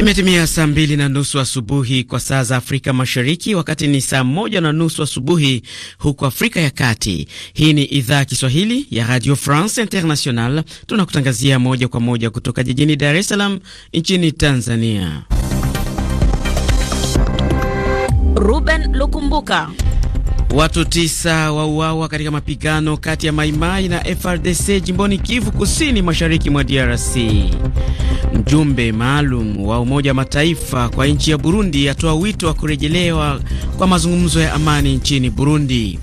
Imetimia saa mbili na nusu asubuhi kwa saa za Afrika Mashariki, wakati ni saa moja na nusu asubuhi huko Afrika ya Kati. Hii ni idhaa Kiswahili ya Radio France International, tunakutangazia moja kwa moja kutoka jijini Dar es Salaam nchini Tanzania. Ruben Lukumbuka Watu tisa wauawa katika mapigano kati ya Maimai na FRDC jimboni Kivu Kusini mashariki mwa DRC. Mjumbe maalum wa Umoja wa Mataifa kwa nchi ya Burundi atoa wito wa kurejelewa kwa mazungumzo ya amani nchini Burundi.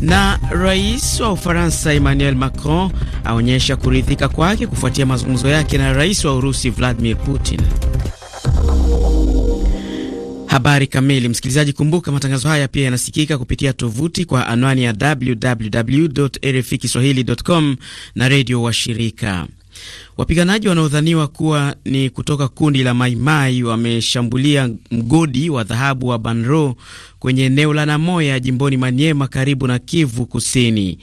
Na rais wa Ufaransa Emmanuel Macron aonyesha kuridhika kwake kufuatia mazungumzo yake na rais wa Urusi Vladimir Putin habari kamili. Msikilizaji, kumbuka matangazo haya pia yanasikika kupitia tovuti kwa anwani ya www RFI kiswahilicom na redio wa shirika Wapiganaji wanaodhaniwa kuwa ni kutoka kundi la Maimai wameshambulia mgodi wa dhahabu wa Banro kwenye eneo la Namoya jimboni Maniema, karibu na Kivu Kusini.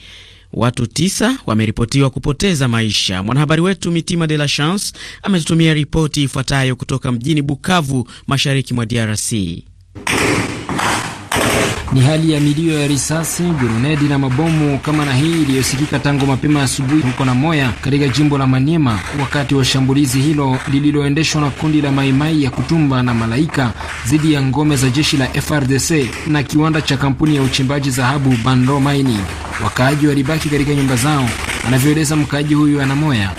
Watu tisa wameripotiwa kupoteza maisha. Mwanahabari wetu Mitima de la Chance ametutumia ripoti ifuatayo kutoka mjini Bukavu, mashariki mwa DRC. Ni hali ya milio ya risasi, gurunedi na mabomu kama na hii iliyosikika tangu mapema asubuhi huko na Moya katika jimbo la Maniema, wakati wa shambulizi hilo lililoendeshwa na kundi la Maimai ya Kutumba na Malaika dhidi ya ngome za jeshi la FRDC na kiwanda cha kampuni ya uchimbaji dhahabu Bandro Mining. Wakaaji walibaki katika nyumba zao, anavyoeleza mkaaji huyu ana Moya.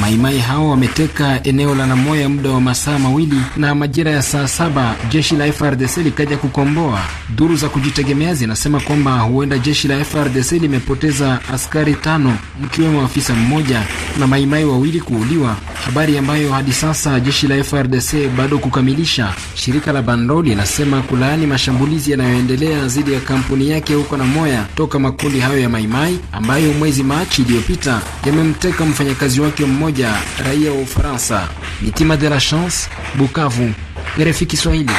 Maimai hao wameteka eneo la Namoya muda wa masaa mawili na majira ya saa saba jeshi la FRDC likaja kukomboa. Duru za kujitegemea zinasema kwamba huenda jeshi la FRDC limepoteza askari tano mkiwemo afisa mmoja na maimai wawili kuuliwa, habari ambayo hadi sasa jeshi la FRDC bado kukamilisha kukamilisha. Shirika la Banro linasema kulaani mashambulizi yanayoendelea dhidi ya kampuni yake huko na moya toka makundi hayo ya Maimai ambayo mwezi Machi iliyopita yamemteka mfanyakazi wake mmoja raia wa Ufaransa. Mitima de la Chance, Bukavu, RFI Kiswahili.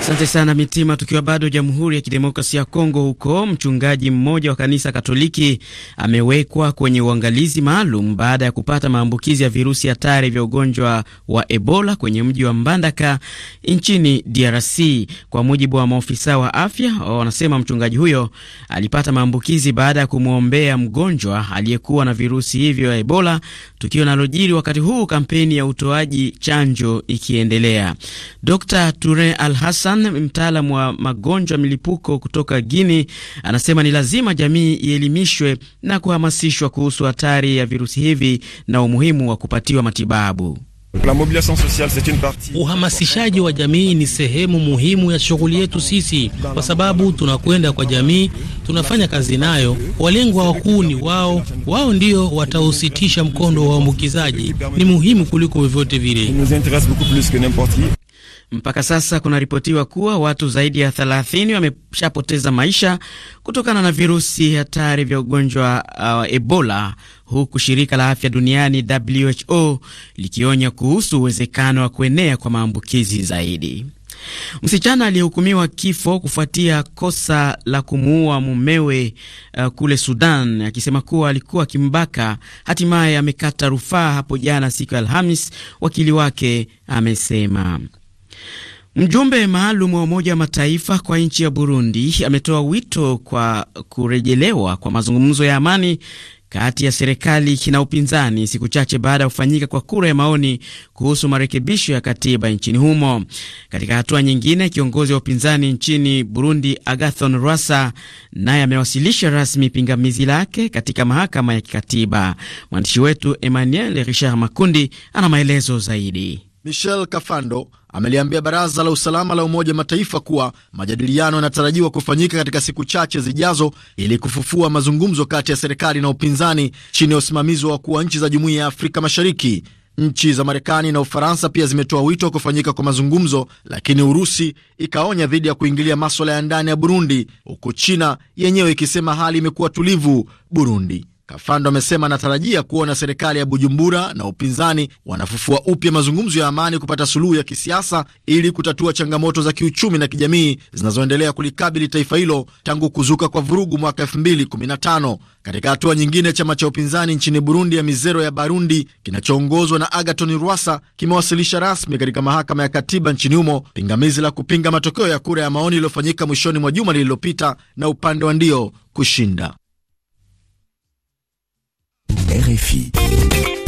Asante sana Mitima. Tukiwa bado Jamhuri ya Kidemokrasia ya Kongo, huko mchungaji mmoja wa kanisa Katoliki amewekwa kwenye uangalizi maalum baada ya kupata maambukizi ya virusi hatari vya ugonjwa wa Ebola kwenye mji wa Mbandaka nchini DRC. Kwa mujibu wa maofisa wa afya, wanasema mchungaji huyo alipata maambukizi baada ya kumwombea mgonjwa aliyekuwa na virusi hivyo ya Ebola tukio linalojiri wakati huu kampeni ya utoaji chanjo ikiendelea. Dr Tourin Al Hassan, mtaalam wa magonjwa milipuko kutoka Guini, anasema ni lazima jamii ielimishwe na kuhamasishwa kuhusu hatari ya virusi hivi na umuhimu wa kupatiwa matibabu. Uhamasishaji wa jamii ni sehemu muhimu ya shughuli yetu sisi, kwa sababu tunakwenda kwa jamii, tunafanya kazi nayo. Walengwa wakuu ni wao, wao ndio watausitisha mkondo wa uambukizaji. Ni muhimu kuliko vyovyote vile. Mpaka sasa kunaripotiwa kuwa watu zaidi ya 30 wameshapoteza maisha kutokana na virusi hatari vya ugonjwa wa uh, Ebola, huku shirika la afya duniani WHO likionya kuhusu uwezekano wa kuenea kwa maambukizi zaidi. Msichana aliyehukumiwa kifo kufuatia kosa la kumuua mumewe uh, kule Sudan akisema kuwa alikuwa kimbaka, hatimaye amekata rufaa hapo jana siku ya Alhamis, wakili wake amesema. Mjumbe maalum wa Umoja wa Mataifa kwa nchi ya Burundi ametoa wito kwa kurejelewa kwa mazungumzo ya amani kati ya serikali na upinzani siku chache baada ya kufanyika kwa kura ya maoni kuhusu marekebisho ya katiba nchini humo. Katika hatua nyingine, kiongozi wa upinzani nchini Burundi Agathon Rwasa naye amewasilisha rasmi pingamizi lake katika mahakama ya kikatiba. Mwandishi wetu Emmanuel Richard Makundi ana maelezo zaidi. Michel Kafando ameliambia baraza la usalama la Umoja Mataifa kuwa majadiliano yanatarajiwa kufanyika katika siku chache zijazo ili kufufua mazungumzo kati ya serikali na upinzani chini ya usimamizi wa wakuu wa nchi za Jumuiya ya Afrika Mashariki. Nchi za Marekani na Ufaransa pia zimetoa wito wa kufanyika kwa mazungumzo, lakini Urusi ikaonya dhidi ya kuingilia maswala ya ndani ya Burundi, huku China yenyewe ikisema hali imekuwa tulivu Burundi. Kafando amesema anatarajia kuona serikali ya Bujumbura na upinzani wanafufua upya mazungumzo ya amani kupata suluhu ya kisiasa ili kutatua changamoto za kiuchumi na kijamii zinazoendelea kulikabili taifa hilo tangu kuzuka kwa vurugu mwaka 2015. Katika hatua nyingine, chama cha upinzani nchini Burundi ya Mizero ya Barundi kinachoongozwa na agaton Rwasa kimewasilisha rasmi katika mahakama ya katiba nchini humo pingamizi la kupinga matokeo ya kura ya maoni iliyofanyika mwishoni mwa juma lililopita na upande wa ndio kushinda. RFI.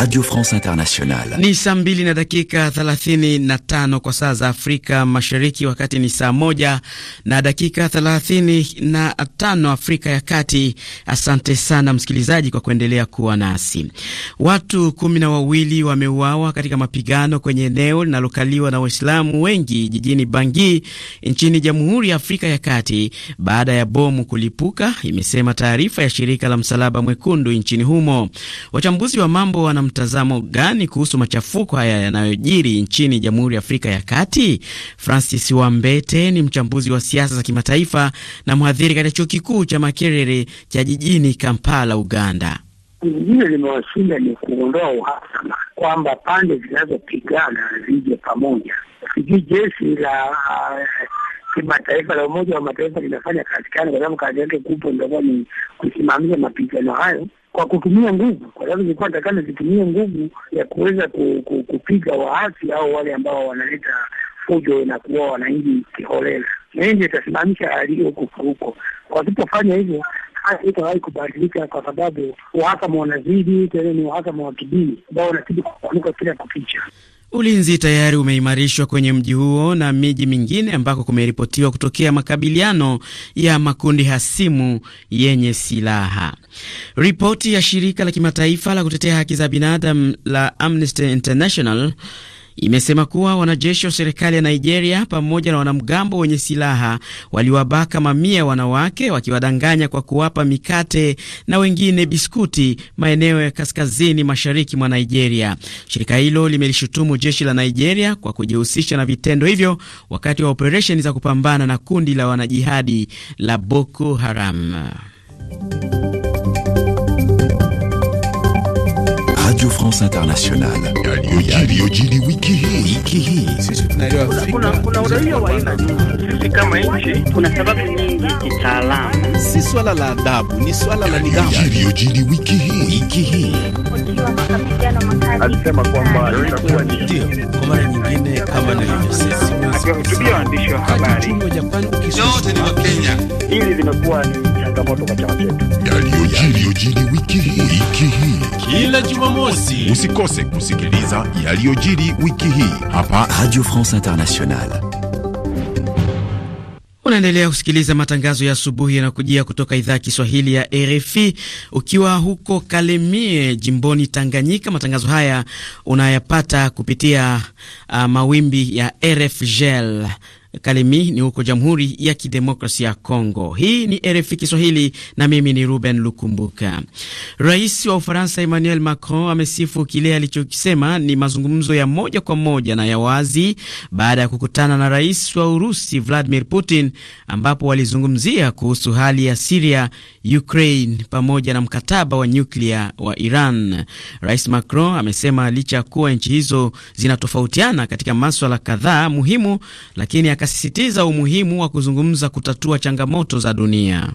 Radio France Internationale. Ni saa mbili na dakika 35 kwa saa za Afrika Mashariki, wakati ni saa moja na dakika thelathini na tano Afrika ya Kati. Asante sana msikilizaji kwa kuendelea kuwa nasi. Watu kumi na wawili wameuawa katika mapigano kwenye eneo linalokaliwa na Waislamu wengi jijini Bangui nchini Jamhuri ya Afrika ya Kati baada ya bomu kulipuka, imesema taarifa ya shirika la Msalaba Mwekundu nchini humo. Wachambuzi wa mambo wana mtazamo gani kuhusu machafuko haya yanayojiri nchini Jamhuri ya Afrika ya Kati? Francis Wambete ni mchambuzi wa siasa za kimataifa na mhadhiri katika chuo kikuu cha Makerere cha jijini Kampala, Uganda. Lingine limewashinda ni kuondoa uhasama, kwamba pande zinazopigana zije pamoja. Sijui jeshi la eh, kimataifa la Umoja wa Mataifa linafanya kazi gani, kwa sababu kazi yake kubwa itakuwa ni kusimamia mapigano hayo kwa kutumia nguvu, kwa sababu zilikuwa takana zitumie nguvu ya kuweza kupiga waasi au wale ambao wanaleta fujo na kuua wananchi kiholela. na Hii ndio itasimamisha hali hiyo Wasipofanya hivyo, hali itawahi kubadilika, kwa sababu uhakama wanazidi tena, ni uhakama wa kidini ambao wanazidi kupanuka kila kukicha. Ulinzi tayari umeimarishwa kwenye mji huo na miji mingine ambako kumeripotiwa kutokea makabiliano ya makundi hasimu yenye silaha. Ripoti ya shirika la kimataifa la kutetea haki za binadamu la Amnesty International imesema kuwa wanajeshi wa serikali ya Nigeria pamoja na wanamgambo wenye silaha waliwabaka mamia ya wanawake wakiwadanganya kwa kuwapa mikate na wengine biskuti maeneo ya kaskazini mashariki mwa Nigeria. Shirika hilo limelishutumu jeshi la Nigeria kwa kujihusisha na vitendo hivyo wakati wa operesheni za kupambana na kundi la wanajihadi la Boko Haram. Radio France Internationale yojiri yojiri wiki hii wiki hii. Sisi tunajua Afrika kuna, uraia wa aina nyingi. Sisi kama nchi kuna sababu nyingi kitaalamu, si swala la adabu, ni swala la nidhamu. Yojiri yojiri wiki hii wiki hii. Alisema kwamba itakuwa ndio kwa mara nyingine, kama nilivyosema, akiwahutubia waandishi wa habari, yote ni Wakenya, hili limekuwa ni changamoto kwa chama chetu. Yaliyojiri wiki hii wiki hii kila Jumamosi, usikose kusikiliza yaliyojiri wiki hii hapa Radio France Internationale. Unaendelea kusikiliza matangazo ya asubuhi yanakujia kutoka idhaa ya Kiswahili ya RFI ukiwa huko Kalemie jimboni Tanganyika. Matangazo haya unayapata kupitia uh, mawimbi ya RFGL e Kalemi ni huko Jamhuri ya Kidemokrasia ya Kongo. Hii ni RFI Kiswahili na mimi ni Ruben Lukumbuka. Rais wa Ufaransa Emmanuel Macron amesifu kile alichokisema ni mazungumzo ya moja kwa moja na ya wazi baada ya kukutana na rais wa Urusi Vladimir Putin, ambapo walizungumzia kuhusu hali ya Siria, Ukraine pamoja na mkataba wa nyuklia wa Iran. Rais Macron amesema licha ya kuwa nchi hizo zinatofautiana katika maswala kadhaa muhimu, lakini akasisitiza umuhimu wa kuzungumza kutatua changamoto za dunia.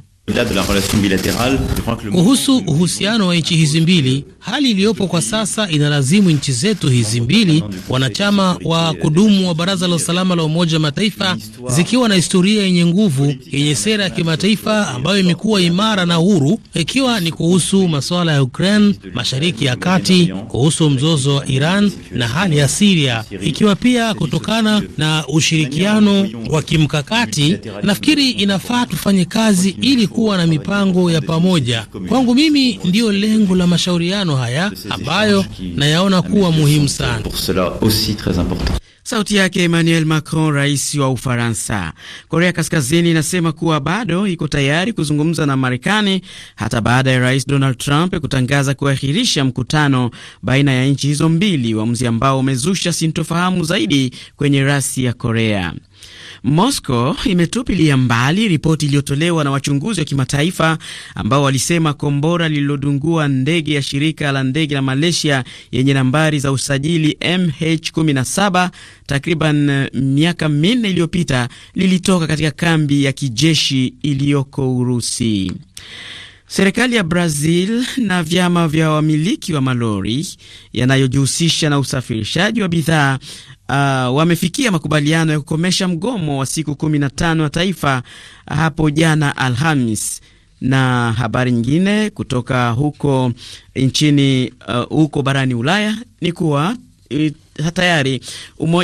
Kuhusu uhusiano wa nchi hizi mbili, hali iliyopo kwa sasa inalazimu nchi zetu hizi mbili, wanachama wa kudumu wa Baraza la Usalama la Umoja wa Mataifa, zikiwa na historia yenye nguvu, yenye sera ya kimataifa ambayo imekuwa imara na huru, ikiwa ni kuhusu masuala ya Ukraine, Mashariki ya Kati, kuhusu mzozo wa Iran na hali ya Siria, ikiwa pia kutokana na ushirikiano wa kimkakati. Nafikiri inafaa tufanye kazi ili kuwa na mipango ya pamoja. Kwangu mimi ndiyo lengo la mashauriano haya ambayo nayaona kuwa muhimu sana. Sauti yake Emmanuel Macron, rais wa Ufaransa. Korea Kaskazini inasema kuwa bado iko tayari kuzungumza na Marekani hata baada ya rais Donald Trump kutangaza kuahirisha mkutano baina ya nchi hizo mbili, uamuzi ambao umezusha sintofahamu zaidi kwenye rasi ya Korea. Moscow imetupilia mbali ripoti iliyotolewa na wachunguzi wa kimataifa ambao walisema kombora lililodungua ndege ya shirika la ndege la Malaysia yenye nambari za usajili MH17 takriban eh, miaka minne iliyopita lilitoka katika kambi ya kijeshi iliyoko Urusi. Serikali ya Brazil na vyama vya wamiliki wa malori yanayojihusisha na usafirishaji wa bidhaa uh, wamefikia makubaliano ya kukomesha mgomo wa siku kumi na tano wa taifa hapo jana Alhamis. Na habari nyingine kutoka huko nchini uh, huko barani Ulaya ni kuwa eh, tayari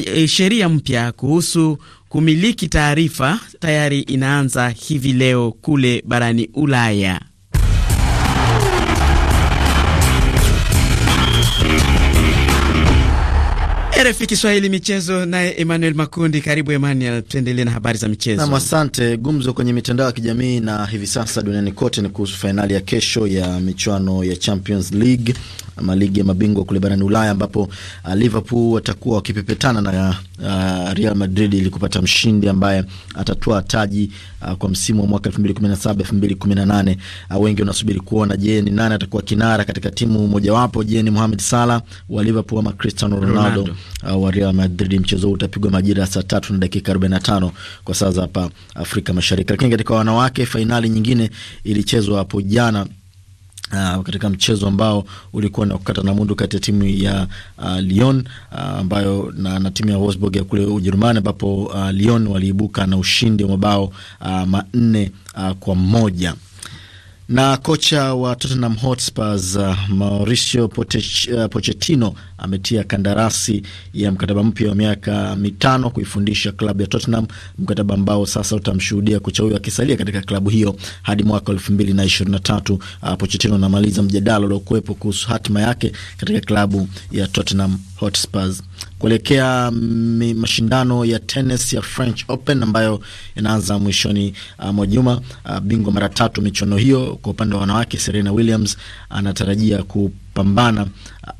eh, sheria mpya kuhusu kumiliki taarifa tayari inaanza hivi leo kule barani Ulaya. RFI Kiswahili michezo, naye Emmanuel Makundi. Karibu Emmanuel, tuendelee na habari za michezo. Nam, asante. Gumzo kwenye mitandao ya kijamii na hivi sasa duniani kote ni kuhusu fainali ya kesho ya michuano ya Champions League ama ligi ya mabingwa kule barani Ulaya ambapo uh, Liverpool watakuwa wakipepetana na uh, Real Madrid ili kupata mshindi ambaye atatoa taji uh, kwa msimu wa mwaka 2017 2018. Uh, wengi wanasubiri kuona, je, ni nani atakuwa kinara katika timu mojawapo? Je, ni Mohamed Salah wa Liverpool ama Cristiano Ronaldo, Ronaldo. Uh, wa Real Madrid? Mchezo huu utapigwa majira saa 3 na dakika 45 kwa saa za hapa Afrika Mashariki. Lakini katika wanawake, fainali nyingine ilichezwa hapo jana Uh, katika mchezo ambao ulikuwa na kukata na mundu kati ya timu ya uh, Lyon uh, ambayo na, na timu ya Wolfsburg ya kule Ujerumani ambapo uh, Lyon waliibuka na ushindi wa mabao uh, manne uh, kwa moja. Na kocha wa Tottenham Hotspurs uh, Mauricio pochetino eh, uh, ametia kandarasi ya mkataba mpya wa miaka mitano kuifundisha klabu ya Tottenham, mkataba ambao sasa utamshuhudia kocha huyo akisalia katika klabu hiyo hadi mwaka elfu mbili na ishirini na tatu. Uh, Pochettino anamaliza mjadala uliokuwepo kuhusu hatima yake katika klabu ya Tottenham Hotspurs kuelekea mm, mashindano ya tenis ya French Open ambayo inaanza mwishoni uh, mwa juma. Uh, bingwa mara tatu michuano hiyo kwa upande wa wanawake Serena Williams anatarajia ku kupambana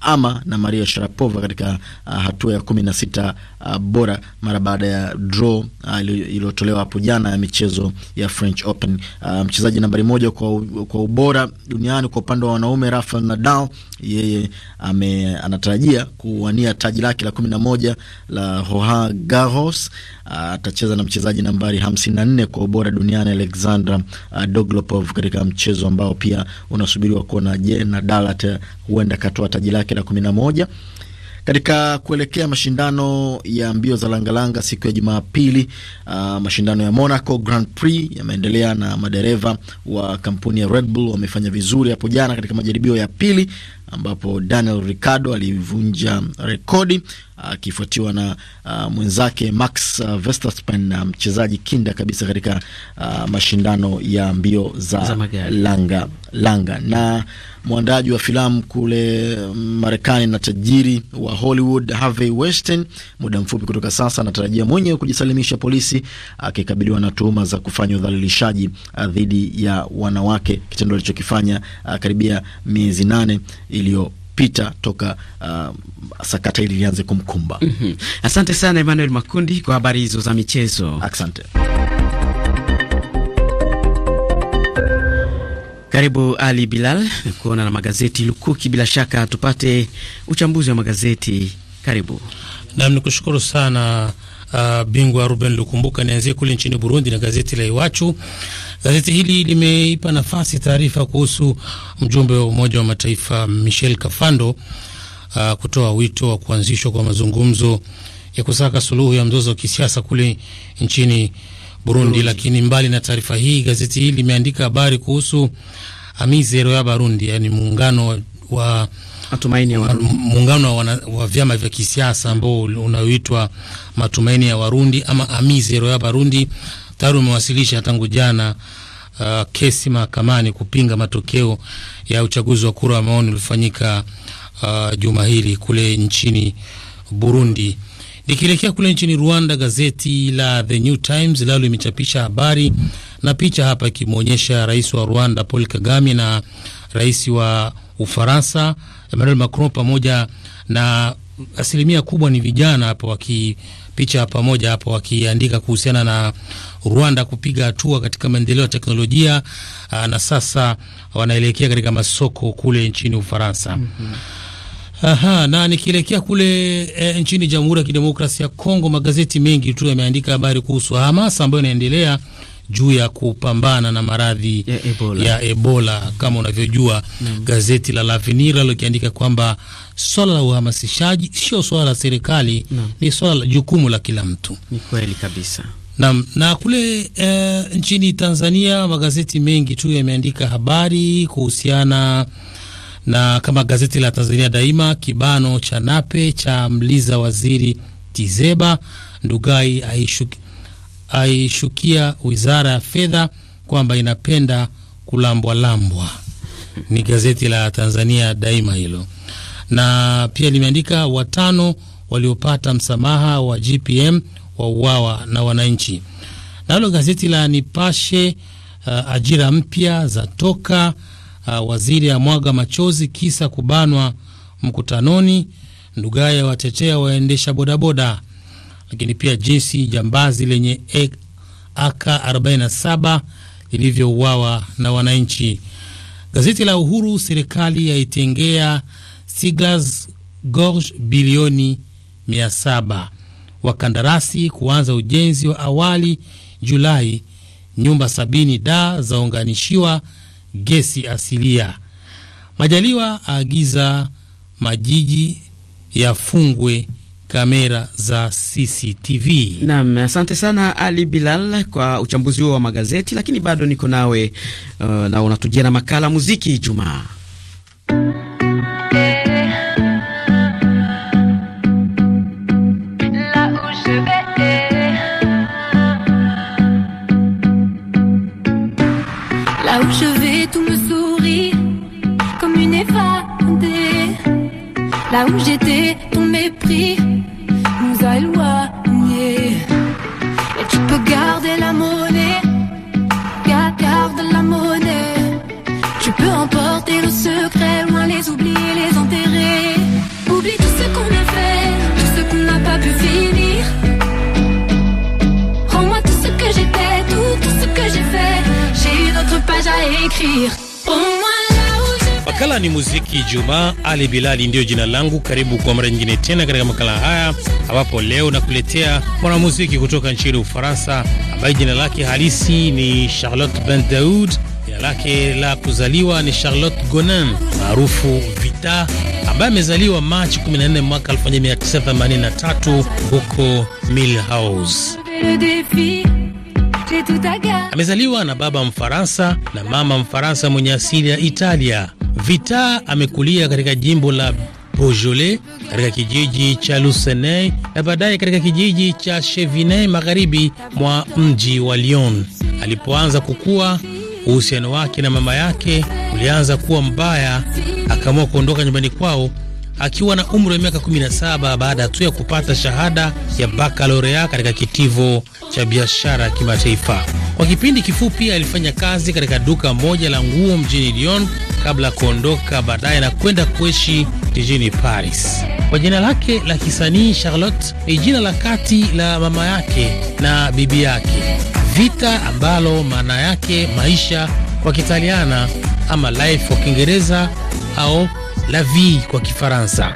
ama na Maria Sharapova katika uh, hatua ya kumi na sita uh, bora mara baada ya draw uh, iliyotolewa hapo jana ya michezo ya French Open. Uh, mchezaji nambari moja kwa, kwa ubora duniani kwa upande wa wanaume Rafael Nadal yeye ame, anatarajia kuwania taji lake la kumi na moja la Roland Garros Ah, atacheza na mchezaji nambari 54 kwa ubora duniani Alexandra ah, Doglopov katika mchezo ambao pia unasubiriwa kuona, je, Nadal huenda katoa taji lake la 11 katika kuelekea mashindano ya mbio za langalanga siku ya Jumapili. Uh, mashindano ya Monaco Grand Prix yameendelea na madereva wa kampuni ya Red Bull wamefanya vizuri hapo jana katika majaribio ya pili ambapo Daniel Ricardo alivunja rekodi akifuatiwa na uh, mwenzake Max uh, Verstappen na mchezaji kinda kabisa katika uh, mashindano ya mbio za, za langa, langa. Na mwandaji wa filamu kule mm, Marekani na tajiri wa Hollywood Harvey Weinstein, muda mfupi kutoka sasa, anatarajia mwenyewe kujisalimisha polisi akikabiliwa uh, na tuhuma za kufanya udhalilishaji dhidi uh, ya wanawake, kitendo alichokifanya uh, karibia miezi nane iliyopita toka uh, sakata hili lianze kumkumba. mm -hmm. Asante sana Emmanuel Makundi kwa habari hizo za michezo. Asante. Karibu Ali Bilal kuona na magazeti lukuki, bila shaka tupate uchambuzi wa magazeti. Karibu nam, ni kushukuru sana uh, bingwa Ruben Lukumbuka. Nianzie kule nchini Burundi na gazeti la Iwachu. Gazeti hili limeipa nafasi taarifa kuhusu mjumbe wa Umoja wa Mataifa Michel Kafando uh, kutoa wito wa kuanzishwa kwa mazungumzo ya kusaka suluhu ya mzozo wa kisiasa kule nchini Burundi, Burundi. Lakini mbali na taarifa hii, gazeti hili limeandika habari kuhusu Amizero ya Barundi, yani muungano wa matumaini ya Warundi, muungano wa vyama vya kisiasa ambao unaoitwa matumaini ya Warundi ama Amizero ya Warundi tayari umewasilisha tangu jana uh, kesi mahakamani kupinga matokeo ya uchaguzi wa kura wa maoni uliofanyika uh, juma hili kule nchini Burundi. Nikielekea kule nchini Rwanda, gazeti la The New Times lalo limechapisha habari na picha hapa ikimwonyesha rais wa Rwanda Paul Kagame na rais wa Ufaransa Emmanuel Macron pamoja na asilimia kubwa ni vijana hapo wakipicha pamoja hapo wakiandika kuhusiana na Rwanda kupiga hatua katika maendeleo ya teknolojia aa, ah, na sasa wanaelekea katika masoko kule nchini Ufaransa. mm -hmm. Aha, na nikielekea kule e, nchini Jamhuri ya Kidemokrasia ya Kongo, magazeti mengi tu yameandika habari kuhusu hamasa ambayo inaendelea juu ya kupambana na maradhi ya Ebola, ya Ebola. Kama unavyojua mm. gazeti la Lavinira likiandika kwamba swala la uhamasishaji sio swala la serikali mm. ni swala la jukumu la kila mtu. Ni kweli kabisa. Na, na kule e, nchini Tanzania magazeti mengi tu yameandika habari kuhusiana na kama gazeti la Tanzania Daima, kibano cha Nape cha mliza waziri Tizeba, Ndugai aishuki, aishukia wizara ya fedha kwamba inapenda kulambwalambwa. Ni gazeti la Tanzania Daima hilo, na pia limeandika watano waliopata msamaha wa GPM wauawa na wananchi. Nalo gazeti la Nipashe uh, ajira mpya za toka uh, waziri ya mwaga machozi kisa kubanwa mkutanoni. Ndugai watetea waendesha bodaboda lakini pia jinsi jambazi lenye AK 47 lilivyouawa na wananchi. Gazeti la Uhuru, serikali yaitengea Siglas Gorge bilioni 700, wakandarasi kuanza ujenzi wa awali Julai, nyumba sabini da zaunganishiwa gesi asilia. Majaliwa aagiza majiji yafungwe kamera za CCTV. Naam, asante sana Ali Bilal kwa uchambuzi huo wa magazeti, lakini bado niko nawe uh, na unatujia na makala muziki Ijumaa. Eh. Là où j'étais Et tu peux garder la monnaie, garde, la monnaie. Tu peux emporter le secret, loin les oublier, les enterrer. Oublie tout ce qu'on a fait, tout ce qu'on n'a pas pu finir. Rends-moi tout ce que j'étais, tout, tout ce que j'ai fait. J'ai une autre page à écrire. Makala ni muziki Jumaa. Ali Bilali ndiyo jina langu. Karibu kwa mara nyingine tena katika makala haya, ambapo leo nakuletea mwanamuziki kutoka nchini Ufaransa ambaye jina lake halisi ni Charlotte Ben Daoud. Jina lake la kuzaliwa ni Charlotte Gonin maarufu Vita, ambaye amezaliwa Machi 14 mwaka 1983 huko Milhouse. Amezaliwa na baba Mfaransa na mama Mfaransa mwenye asili ya Italia. Vita amekulia katika jimbo la bojole katika kijiji cha Luseney na baadaye katika kijiji cha Cheviney magharibi mwa mji wa Lyon. Alipoanza kukua, uhusiano wake na mama yake ulianza kuwa mbaya, akaamua kuondoka nyumbani kwao akiwa na umri wa miaka 17 baada tu ya kupata shahada ya bakalaurea katika kitivo cha biashara kimataifa. Kwa kipindi kifupi alifanya kazi katika duka moja la nguo mjini Lyon kabla ya kuondoka baadaye na kwenda kuishi jijini Paris. Kwa jina lake la kisanii Charlotte ni jina la kati la mama yake na bibi yake, vita ambalo maana yake maisha kwa Kitaliana ama life kwa Kiingereza au la vie kwa Kifaransa.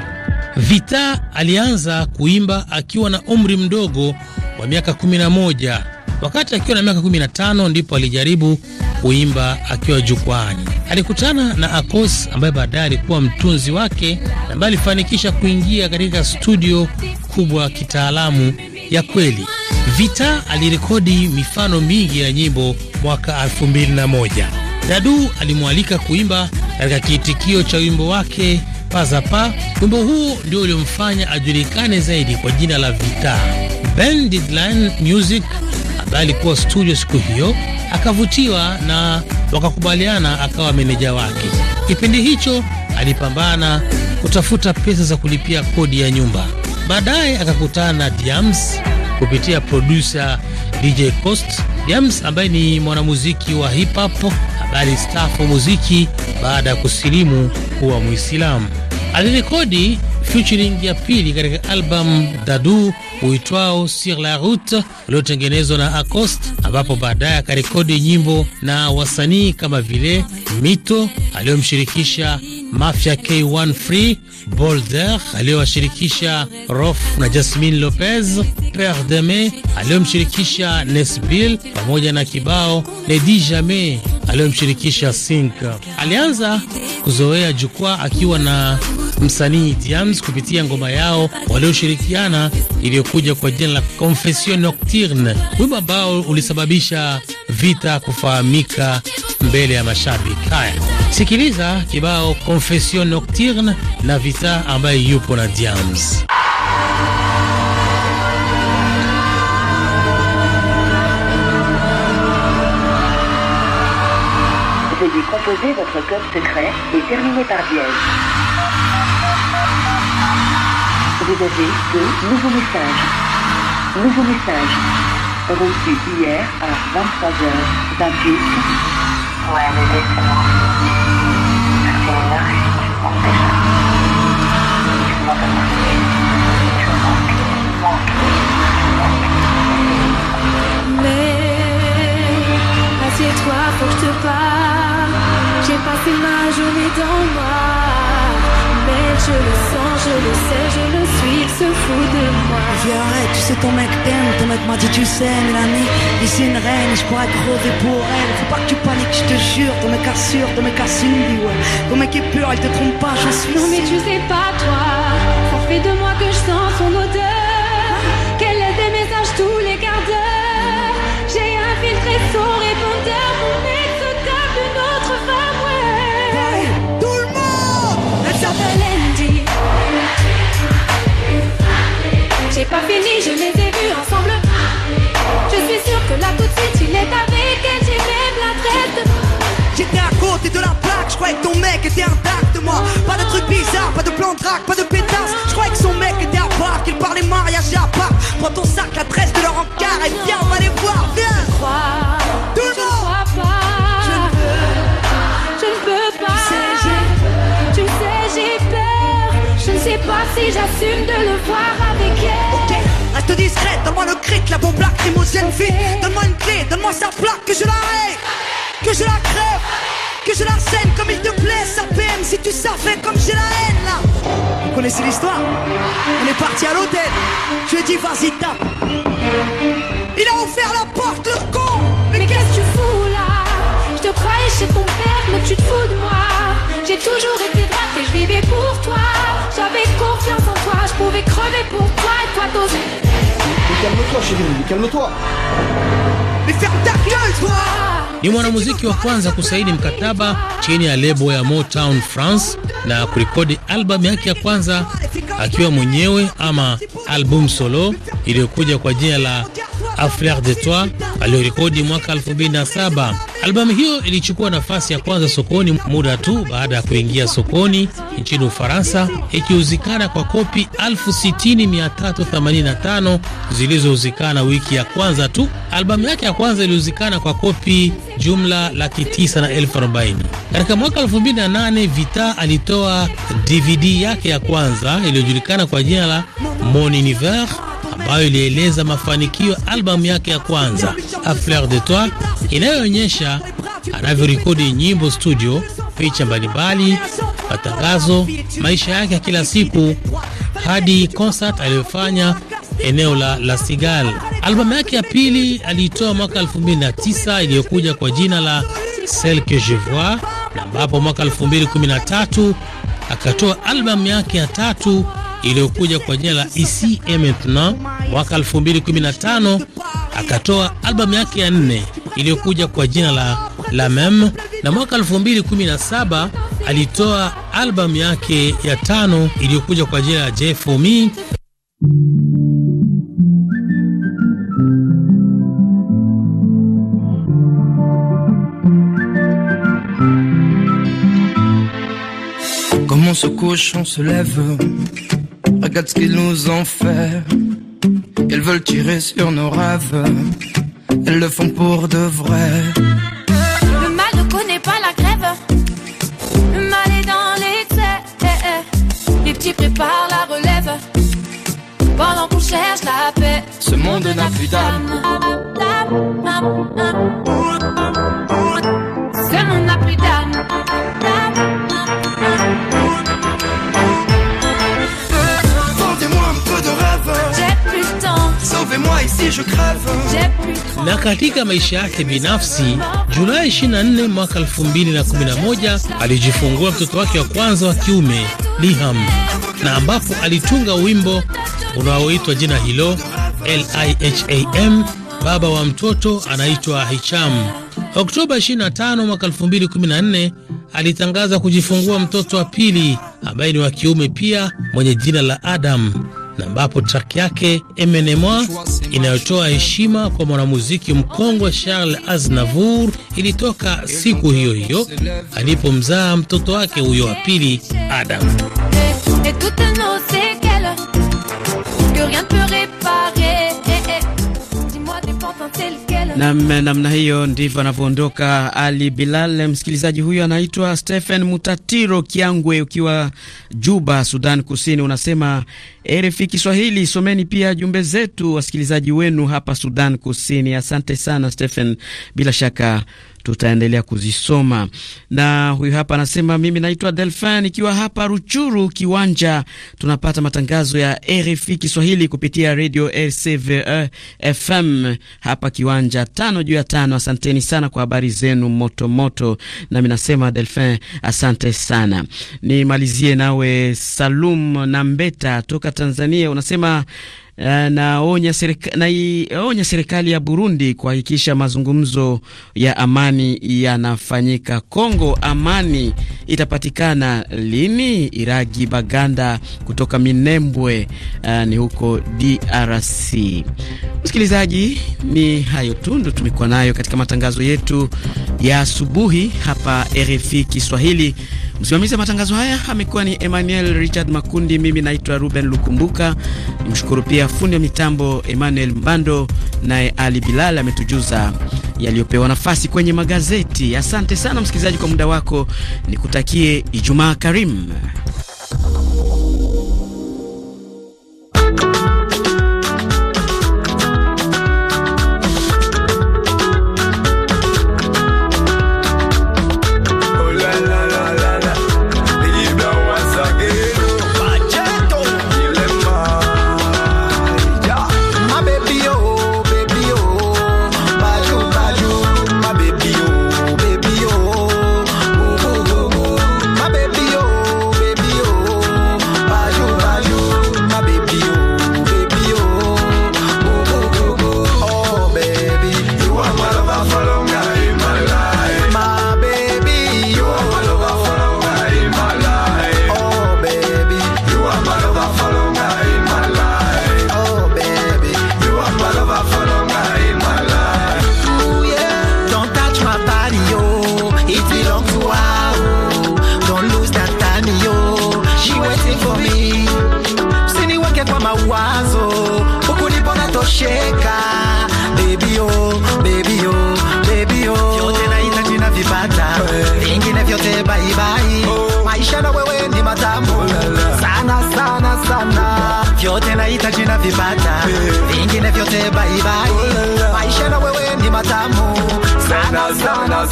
Vita alianza kuimba akiwa na umri mdogo wa miaka 11 Wakati akiwa na miaka 15 ndipo alijaribu kuimba akiwa jukwani. Alikutana na Akos ambaye baadaye alikuwa mtunzi wake na ambaye alifanikisha kuingia katika studio kubwa kitaalamu ya kweli. Vita alirekodi mifano mingi ya nyimbo mwaka 2001. Dadu alimwalika kuimba katika kiitikio cha wimbo wake Pazapa. Wimbo huu ndio uliomfanya ajulikane zaidi kwa jina la Vita. Ben Didline Music ambaye alikuwa studio siku hiyo, akavutiwa na wakakubaliana akawa meneja wake. Kipindi hicho alipambana kutafuta pesa za kulipia kodi ya nyumba. Baadaye akakutana na Diams kupitia producer DJ Cost. Diams ambaye ni mwanamuziki wa hip hop ambaye alistafu muziki baada ya kusilimu kuwa Muislamu, alirekodi featuring ya pili katika album Dadu uitwao Sur la Route uliotengenezwa na Acost, ambapo baadaye akarekodi nyimbo na wasanii kama vile Mito aliyomshirikisha Mafia K1 Free, Boulder aliyowashirikisha Rof na Jasmine Lopez, Pere Deme aliyomshirikisha Nesbill pamoja na kibao Ledi Jamais aliyomshirikisha Sink. Alianza kuzoea jukwaa akiwa na msanii Diams kupitia ngoma yao walioshirikiana iliyokuja kwa jina la Confession Nocturne, wimbo ambao ulisababisha vita kufahamika mbele ya mashabiki. Haya, sikiliza kibao Confession Nocturne na Vita ambaye yupo na Diams. Veuillez composer votre code secret et terminer par dièse. Vous avez deux nouveaux messages. Nouveaux messages Reçu hier à 23h28. Ouais, mais c'est moi. Ça une heure et tu Je pas Je Mais assieds-toi, faut que je te parle. J'ai passé ma journée dans moi je le sens, je le sais, je le suis, il se fout de moi. Viens, arrête, tu sais, ton mec aime, ton mec m'a dit tu sais, mais l'ami, ici une reine, je pourrais crever pour elle. Faut pas que tu paniques, je te jure, ton mec assure, ton mec assume, ouais. Ton mec est pur, il te trompe pas, je suis. Non, mais tu sais pas, toi, forfait de moi que pas fini, je les ai ensemble. Je suis sûr que là tout de suite, il est avec elle, j'ai même la traite. J'étais à côté de la plaque, je croyais que ton mec était intact, moi. Pas de trucs bizarres, pas de plan de pas de pétasse. Je croyais que son mec était à part, qu'il parlait mariage à part. Prends ton sac, l'adresse de leur encart et viens, on va les voir, viens. Si j'assume de le voir avec elle. Ok, reste discrète, donne-moi le cric, la bombe lacrymogène okay. vite. Donne-moi une clé, donne-moi sa plaque, que je la règle, que je la crève, que je la scène comme il te plaît, sa PM. Si tu savais comme j'ai la haine là. Vous connaissez l'histoire On est parti à l'hôtel. Je lui ai dit, vas-y, tape. Il a ouvert la porte, le con c'est ton père, mais tu te fous de moi. J'ai toujours été droite et je vivais pour toi. J'avais confiance en toi, je pouvais crever pour toi et toi Mais Calme-toi chérie, calme-toi. Mais ferme ta gueule toi ni mwanamuziki wa kwanza kusaini mkataba chini ya lebo ya Motown France na kurekodi album yake ya kwanza akiwa mwenyewe ama album solo iliyokuja kwa jina la Affaire de Toi aliyorekodi mwaka 2007. Albamu hiyo ilichukua nafasi ya kwanza sokoni muda tu baada ya kuingia sokoni nchini Ufaransa, ikiuzikana kwa kopi 60385 zilizouzikana wiki ya kwanza tu. Albamu yake ya kwanza iliuzikana kwa kopi jumla laki tisa na elfu arobaini. Katika mwaka 2008 Vita alitoa DVD yake ya kwanza iliyojulikana kwa jina la Mon Univers ambayo ilieleza mafanikio ya albamu yake ya kwanza A Fleur de Toi, inayoonyesha anavyorekodi nyimbo studio, picha mbalimbali, matangazo, maisha yake ya kila siku hadi concert aliyofanya eneo la La Cigale. Albamu yake ya pili aliitoa mwaka 2009 iliyokuja kwa jina la Celle que je vois, na ambapo mwaka 2013 akatoa albamu yake ya tatu iliyokuja kwa jina la Ici e et Maintenant. Mwaka 2015 akatoa albamu yake ya nne iliyokuja kwa jina la La Meme, na mwaka 2017 alitoa albamu yake ya tano iliyokuja kwa jina la J for me. se couche, on se lève regarde ce qu'ils nous ont fait. Ils veulent tirer sur nos rêves. Ils le font pour de vrai. Le mal ne connaît pas la grève. Le mal est dans les traits Les petits préparent la relève. Pendant qu'on cherche la paix. Ce monde n'a plus d'âme. Na katika maisha yake binafsi, Julai 24 mwaka 2011 alijifungua mtoto wake wa kwanza wa kiume Liham, na ambapo alitunga wimbo unaoitwa jina hilo Liham, baba wa mtoto anaitwa Hicham. Oktoba 25 mwaka 2014 alitangaza kujifungua mtoto wa pili ambaye ni wa kiume pia mwenye jina la Adam na ambapo track yake emenema inayotoa heshima kwa mwanamuziki mkongwe Charles Aznavour ilitoka siku hiyo hiyo alipomzaa mtoto wake huyo wa pili Adam. Nam, namna hiyo ndivyo anavyoondoka Ali Bilal. Msikilizaji huyo anaitwa Stephen Mutatiro Kiangwe, ukiwa Juba, Sudan Kusini, unasema eh, RFI Kiswahili, someni pia jumbe zetu wasikilizaji wenu hapa Sudan Kusini. Asante sana Stephen, bila shaka tutaendelea kuzisoma. Na huyu hapa anasema, mimi naitwa Delfin nikiwa hapa Ruchuru Kiwanja, tunapata matangazo ya RFI Kiswahili kupitia radio RCVE FM hapa Kiwanja tano juu ya tano. Asanteni sana kwa habari zenu moto moto, nami nasema Delfin asante sana. Nimalizie nawe Salum nambeta toka Tanzania, unasema Eh, naionya serikali, serikali ya Burundi kuhakikisha mazungumzo ya amani yanafanyika. Kongo, amani itapatikana lini? Iragi Baganda kutoka Minembwe uh, ni huko DRC. Msikilizaji, ni hayo tu ndo tumekuwa nayo katika matangazo yetu ya asubuhi hapa RFI Kiswahili. Msimamizi wa matangazo haya amekuwa ni Emmanuel Richard Makundi. Mimi naitwa Ruben Lukumbuka. Nimshukuru pia fundi wa mitambo Emmanuel Mbando, naye Ali Bilal ametujuza yaliyopewa nafasi kwenye magazeti. Asante sana msikilizaji kwa muda wako, nikutakie Ijumaa karimu.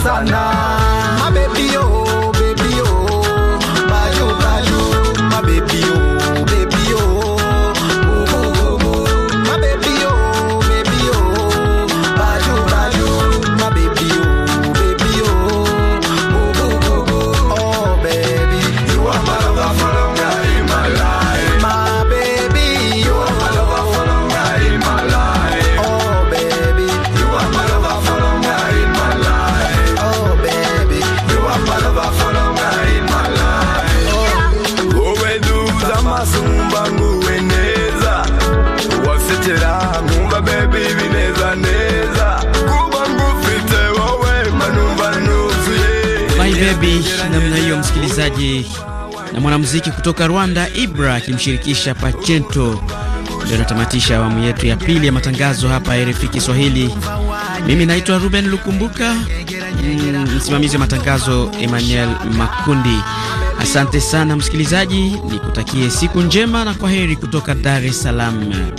刹那。na mwanamuziki kutoka Rwanda Ibra akimshirikisha pacento Ndio natamatisha awamu yetu ya pili ya matangazo hapa RFI Kiswahili. Mimi naitwa Ruben Lukumbuka, mm, msimamizi wa matangazo Emmanuel Makundi. Asante sana msikilizaji, nikutakie siku njema na kwa heri kutoka Dar es Salaam.